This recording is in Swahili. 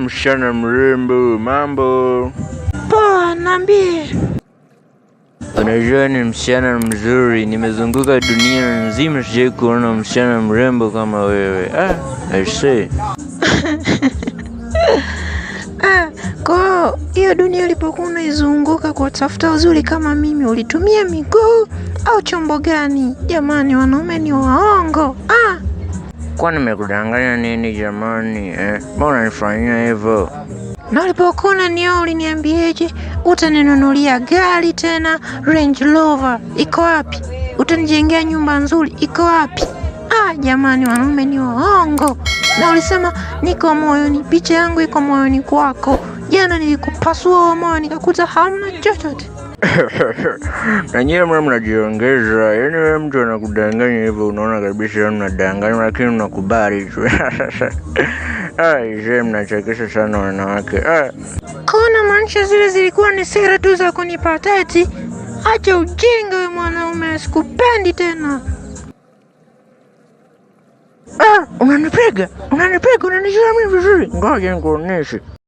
Msichana mrembo, mambo poa? nambie Unajua ni msichana mzuri, nimezunguka dunia nzima, sijai kuona msichana mrembo kama wewe. Ah, aisee ah, hiyo dunia ulipokuwa unaizunguka kwa tafuta uzuri kama mimi, ulitumia miguu au chombo gani? Jamani, wanaume ni waongo ah nilikuwa nimekudanganya nini jamani eh? Mbona nifanyia hivyo? Na ulipokuwa unanioa uliniambieje? Utaninunulia gari tena Range Rover, iko wapi? Utanijengea nyumba nzuri, iko wapi? Ah, jamani wanaume ni waongo. Na ulisema niko moyoni, picha yangu iko moyoni kwako. Jana nilikupasua moyo nikakuta hamna chochote na nyewe mwe mnajiongeza, yaani we mtu anakudanganya hivyo, unaona kabisa mnadanganywa, lakini mnakubali tu. Aise, mnachekesha sana wanawake. Kona maanisha zile zilikuwa ni sera tu za kunipata Acha ujinga we mwanaume, sikupendi tena. Ah, unanipiga unanipiga, unanijua mimi vizuri, ngoja nikuoneshe.